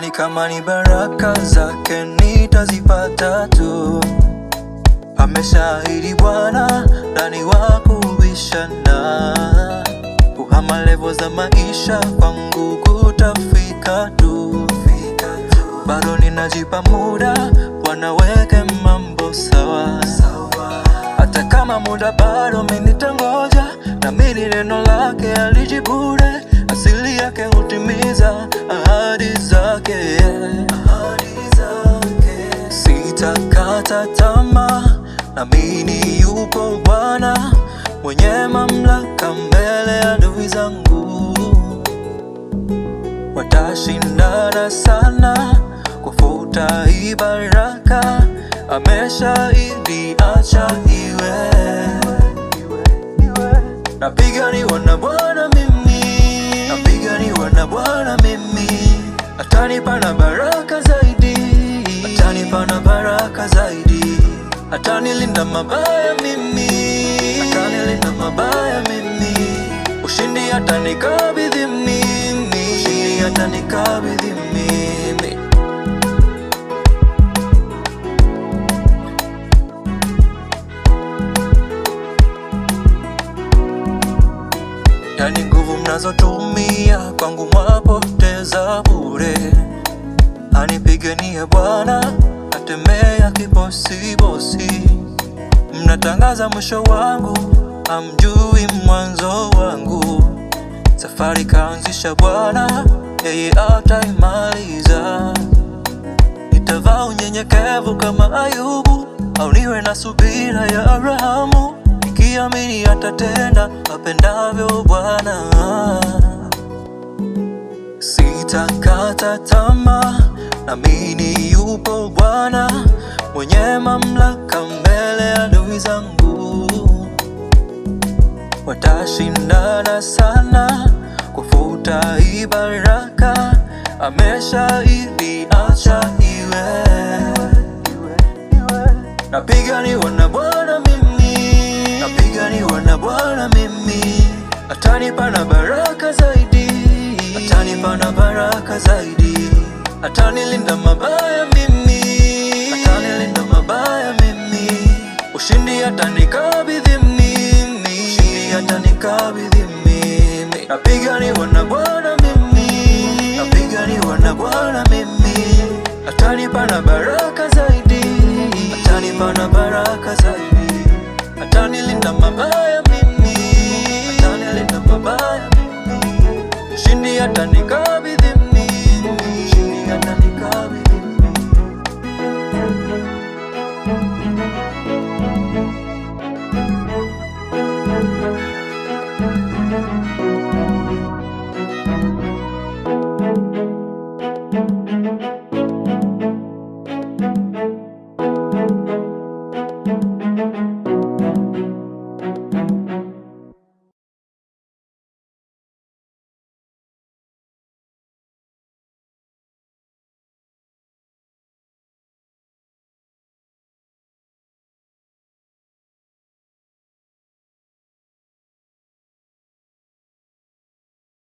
Yani kama ni baraka zake nitazipata tu, ameshaahidi Bwana na ni wa kubishana. Kuhama levo za maisha kwangu kutafika tu, bado ninajipa muda, Bwana weke mambo sawa. Hata kama muda bado, mimi nitangoja, na mimi neno lake alijibu Sitakata tamaa, naamini yupo Bwana mwenye mamlaka. Mbele ya adui zangu watashindana sana kufuta ibaraka, amesha Ameshaahidi, acha iwe. Napiganiwa na Bwana mimi, napiganiwa na Bwana mimi, atanipa na baraka na baraka zaidi, atanilinda mabaya mimi, atanilinda mabaya mimi, ushindi atanikabidhi mimi, ushindi atanikabidhi mimi. Yani nguvu mnazotumia kwangu mwapoteza bure, anipiganie Bwana mnatemea si mnatangaza mwisho wangu, amjui mwanzo wangu. Safari kaanzisha Bwana, yeye ataimaliza. Nitavaa unyenyekevu kama Ayubu, au niwe na subira ya Abrahamu, nikiamini atatenda apendavyo Bwana. Sitakata tamaa Naamini yupo Bwana mwenye mamlaka mbele ya adui zangu. Watashindana sana kufuta ibaraka baraka, ameshaahidi acha iwe. Napiganiwa na Bwana mimi, napiganiwa na Bwana mimi, atanipa na baraka zaidi, atanipa na baraka zaidi atanilinda mabaya mimi, atanilinda mabaya mimi, ushindi atanikabidhi mimi, ushindi atanikabidhi mimi, napiganiwa na Bwana mimi, napiganiwa na Bwana mimi, atanipa na baraka zaidi, atanipa na baraka zaidi, atanilinda mabaya mimi, atanilinda mabaya mimi, ushindi atanikabidhi